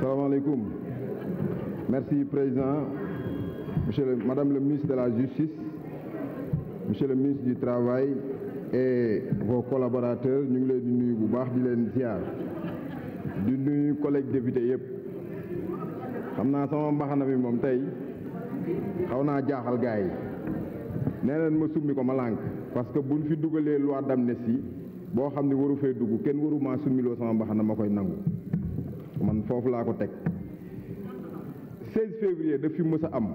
salaamaaleykum merci président monsieur le madame le ministre de la justice monsieur le ministre du travail et vos collaborateurs ñu ngi leen di nuyu bu baax di leen ziar di nuyu collègues députés yëpp xam naa sama mbaxana bi moom tey xaw naa jaaxal gars yi nee leen ma summi ko ma lànk parce que buñ fi dugalee loi d'amnistie boo xam ne waru fee dugg kenn waru maa summiloo sama mbaxana ma koy nangu foofu laa ko teg 16 février daf fi mës a am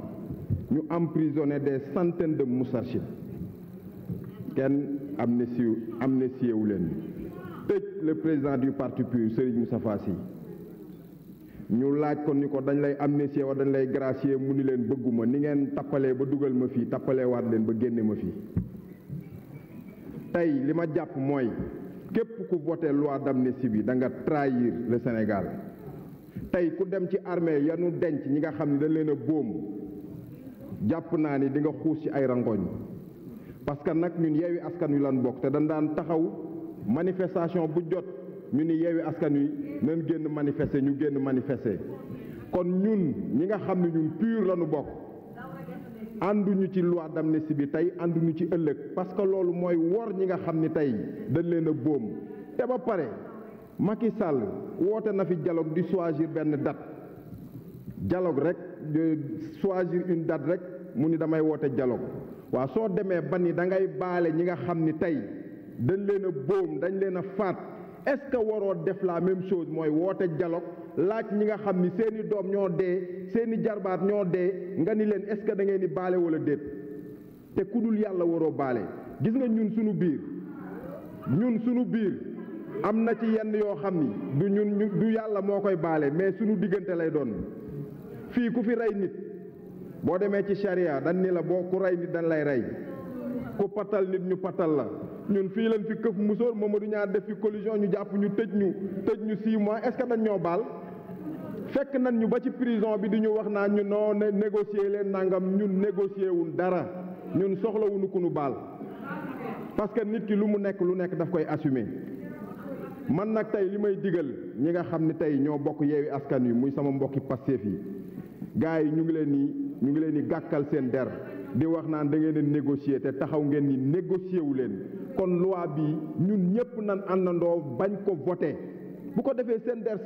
ñu emprisonné des centaines de moustarchides kenn amnistie amnistie wu leen tëj le président du parti PUR Serigne Moustapha Sy ñu laaj ko ni ko dañ lay amnistie wa dañ lay gracier mu ni leen bëgguma ni ngeen tappalee ba dugal ma fii tappalewaat leen ba génnee ma fii tey li ma jàpp mooy képp ku voté loi d'amnistie bi da nga trahir le Sénégal tey ku dem ci armée yanu denc ñi nga xam ne dañ leen a bóom jàpp naa ni dinga nga xuus ci ay rangoñ parce que nag ñun yeewi askan wi lan bokk te dañ daan taxaw manifestation bu jot ñu ni yeewi askan wi nañ génn manifester ñu génn manifester kon ñun ñi nga xam ne ñun pur lañu bokk ànduñu ci loi d'amnistie bi tey ànduñu ci ëllëg parce que loolu mooy wor ñi nga xam ni tey dañ leen a bóom te ba pare Macky Sall woote na fi jaloog di choisir benn date jaloog rek choisir une date rek mu ni damay woote dialogue waaw soo demee ba ni da ngay baale ñi nga xam ni tey dañ leen a boom dañ leen a faat est-ce que waroo def la même chose mooy woote dialogue laaj ñi nga xam ni seeni doom ñoo dee seeni jarbaat ñoo dee nga ni leen est-ce que da ngeen di baale wala déet te kudul yàlla waroo baale gis nga ñun sunu biir ñun sunu biir. am na ci yenn yoo xam ni du ñun du yàlla moo koy baale mais suñu diggante lay doon fii ku fi rey nit boo demee ci charia dan ni la boo ku rey nit dan lay rey ku patal nit ñu patal la ñun fii lañ fi këf musóor Mamadou ñaar def fi collision ñu jàpp ñu tëj ñu tëj ñu six mois est-ce que dañ ñoo baal fekk nañ ñu ba ci prison bi di ñu wax naa ñu noo ne négocier leen nangam ñun négocier wuñ dara ñun soxlawuñu ku nu baal parce que nit ki lu mu nekk lu nekk daf koy assumer man nag tey li may digal ñi nga xam ne tey ñoo bokk yeewi askan wi muy sama mbokki Pastef yi gars yi ñu ngi leen ni ñu ngi leen di gàkkal seen der di wax naan da ngeen a négocier taxaw ngeen ni négocier wu leen kon loi bi ñun ñëpp nan àndandoo bañ ko voté bu ko defee seen der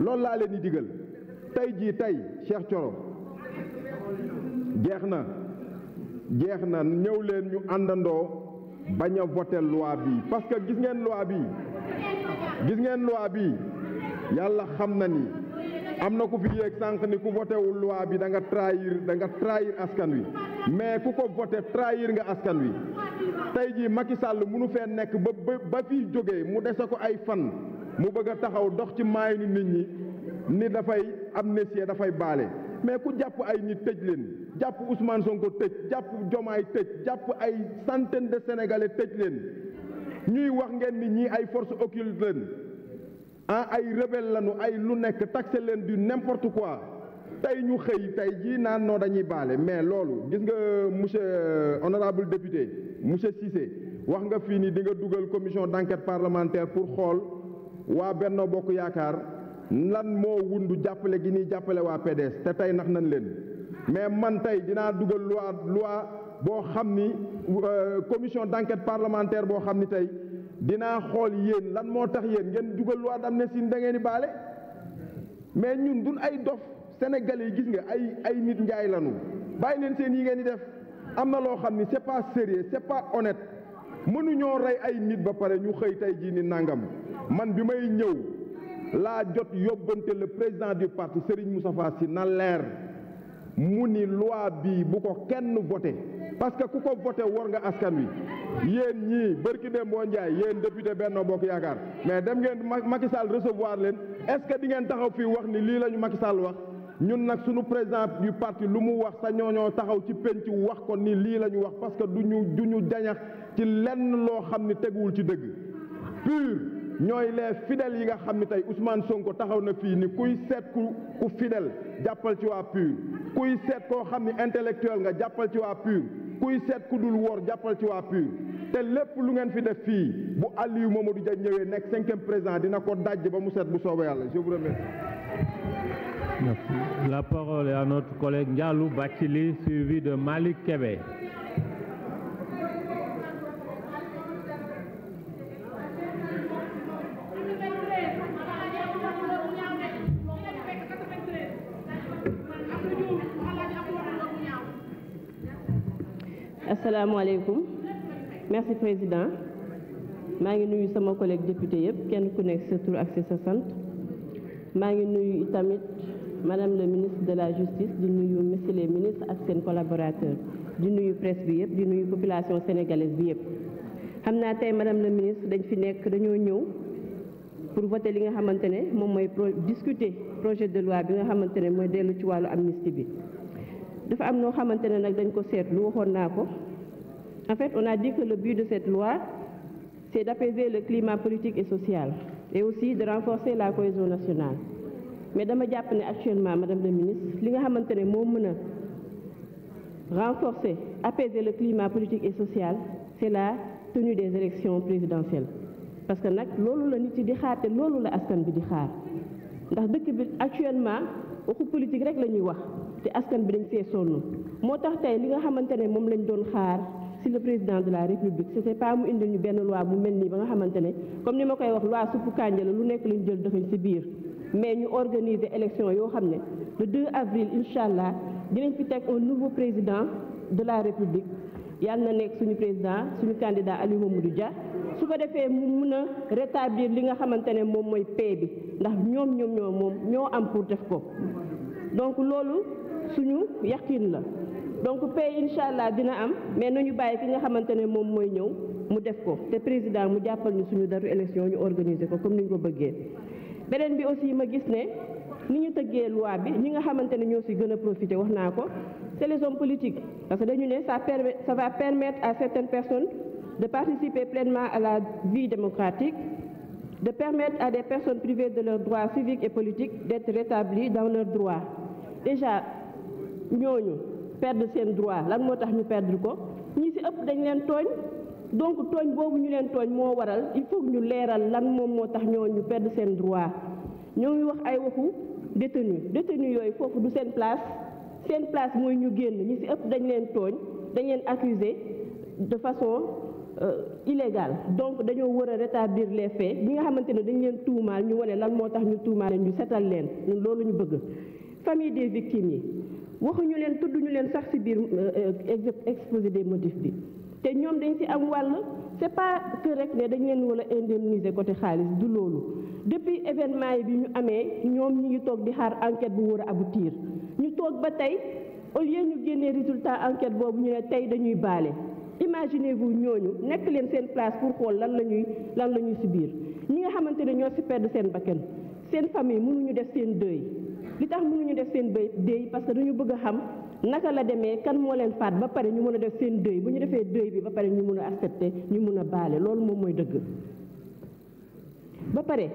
loolu laa leen di digal tey jii tey Cheikh Thioro jeex na jeex na ñëw leen ñu àndandoo bañ a voté loi bi parce que gis ngeen loi yi gis ngeen loi bi yàlla xam na ni am na ku fi yéeg sànq ni ku voté wul loi bi da nga trahir da nga trahir askan wi mais ku ko voté trahir nga askan wi tey jii Macky Sall munu fee nekk ba ba ba fiy mu dese ko ay fan mu bëgg a taxaw dox ci ni nit ñi ni dafay amnistie dafay baale mais ku jàpp ay ni tëj leen jàpp Ousmane Sonko tëj jàpp Jomaay tëj jàpp ay centaine de Sénégalais tëj leen. ñuy wax ngeen ni ñii ay force occulte leen ah ay rebelle lanu ay lu nekk taxé leen du n'importe quoi tey ñu xëy tey jii naan noo dañuy baale mais loolu gis nga monsieur euh, honorable député monsieur Cissé wax nga fii ni di nga dugal commission d'enquête parlementaire pour xool waa Benno Bokk Yaakaar lan moo wundu jàppale gi ñuy jàppale waa PDS te tey nax nañ leen mais man tey dinaa dugal loi boo xam ni euh, commission d'enquête parlementaire boo xam ni tey dinaa xool yéen lan moo tax yéen ngeen dugal loi d'amnistie da ngeen di baale mais ñun duñ ay dof sénégalais gis nga ay ay nit njaay lanu bàyyi leen seen yi ngeen di def am na loo xam ni c'est pas sérieux c'est pas honnête mënuñoo rey ay nit ba pare ñu xëy tey jii ni nangam man bi may ñëw laa jot yóbbante la président du parti Serigne Moustapha si na leer mu ni loi bii bu ko kenn voté parce que ku ko voté war nga askan wi yéen ñii bërki dem boo njaay yéen député Benno Bokk Yaakaar mais dem ngeen Macky Sall recevoir leen est-ce que di taxaw fii wax ni lii la ñu Macky Sall wax ñun nag suñu président du parti lu mu wax sa ñooñoo taxaw ci penc wax ko ni lii la ñu wax parce que du ñu du ñu jañax ci lenn loo xam ni teguwul ci dëgg pur ñooy les fidèles yi nga xam ni tey Ousmane Sonko taxaw na fii ni kuy seet ku ku fidèle jàppal ci waa pur kuy seet koo xam ni intellectuel nga jàppal ci waa kuy seet ku dul woor jàppal ci waa PUR te lépp lu ngeen fi def fii bu àll yi Aliou Mamadou Dia ñëwee nekk cinquième président dina ko dajj ba mu seet bu soobee yàlla je vous remercie. Merci. La parole est à notre collègue Ndialou Bathily suivi de Malick Kébé. asalaamaaleykum merci président maa ngi nuyu sama collègue député yëpp kenn ku nekk sa tur ak sa sant maa ngi nuyu tamit madame le ministre de la justice di nuyu monsieur ministre ministres ak seen collaborateur di nuyu presse bi yëpp di nuyu population sénégalaise bi yëpp. xam naa tey madame le ministre dañ fi nekk dañoo ñëw pour voter li nga xamante ne moom mooy pro discuter projet de loi bi nga xamante ne mooy dellu ci wàllu amnistie bi. dafa am noo xamante ne nag dañ ko seetlu waxoon naa ko en fait on a dit le but de cette loi c'est d'apaiser le climat politique et social et aussi de renforcer la cohésion nationale mais dama jàpp ne actuellement madame la ministre li nga xamante ne moo mën a renforcer apaiser le climat politique et social c'est la tenue des élections présidentielles parce que nag loolu la nit ci di xaar te loolu la askan bi di xaar ndax dëkk bi actuellement waxu politique rek la ñuy wax te askan bi dañ see sonn moo tax tey li nga xamante ne moom lañ doon xaar si le président la république c'était pas mu ñu benn loi bu mel nii ba nga xamante ne comme ni ma koy wax loi suppu kànja la lu nekk lañ jël dëxañ si biir mais ñu organiser élection yoo xam ne le 2 avril incha allah dinañ fi teg un nouveau président de la république yàlla na nekk suñu président suñu candidat Aliou Mamadou Dia su ko defee mu mun a rétablir li nga xamante ne moom mooy paix bi ndax ñoom ñoom ñoo moom ñoo am pour def ko donc loolu su suñu yaqiin la donc paix incha allah dina am mais nañu bàyyi ki nga xamante ne moom mooy ñëw mu def ko te président mu jàppal ñu suñu datu élection ñu organiser ko comme ni ñu ko bëggee beneen bi aussi ma gis ne ni ñu tëggee loi bi ñi nga xamante ne ñoo si gën a profité wax naa ko c'est les hommes parce que dañu ne sa permet ça va permettre à certaines personnes de participer pleinement à la vie démocratique de permettre à des personnes privées de leurs droits civiques et politiques d'être rétablies dans leurs droits déjà ñu perdre seen droit lan moo tax ñu perdre ko ñi ci ëpp dañ leen tooñ donc tooñ boobu ñu leen tooñ moo waral il faut ñu leeral lan moom moo tax ñooñu ñu perd seen droit ñoo ngi wax ay waxu détenu détenu yooyu foofu du seen place seen place mooy ñu génn ñi ci ëpp dañ leen tooñ dañ leen accuser de façon euh, illégale donc dañoo war a rétablir les faits ñi nga xamante ne dañ leen tuumaal ñu wane lan moo tax ñu tuumaal leen ñu setal leen ñun loolu ñu bëgg famille des victimes yi waxuñu leen tudduñu leen sax ci biir euh, euh, exposé des motifs bi te ñoom dañ ci am wàll c'est pas que rek ne dañ leen war a indemniser côté xaalis du loolu depuis événement yi bi ñu amee ñoom ñu ngi toog di xaar enquête bu war a aboutir ñu toog ba tey au lieu ñu génnee résultat enquête boobu ñu ne tey dañuy baale imaginez vous ñooñu nekk leen seen place pour xool lan la ñuy lan la ñuy biir ñi nga xamante ne ñoo ci perdre seen bakkan seen famille mënuñu def seen deuil li tax mënuñu def seen béy déy parce que dañu bëgg a xam naka la demee kan moo leen faat ba pare ñu mën a def seen dëy bu ñu defee dëy bi ba pare ñu mën a accepté ñu mën a baale loolu moom mooy dëgg ba pare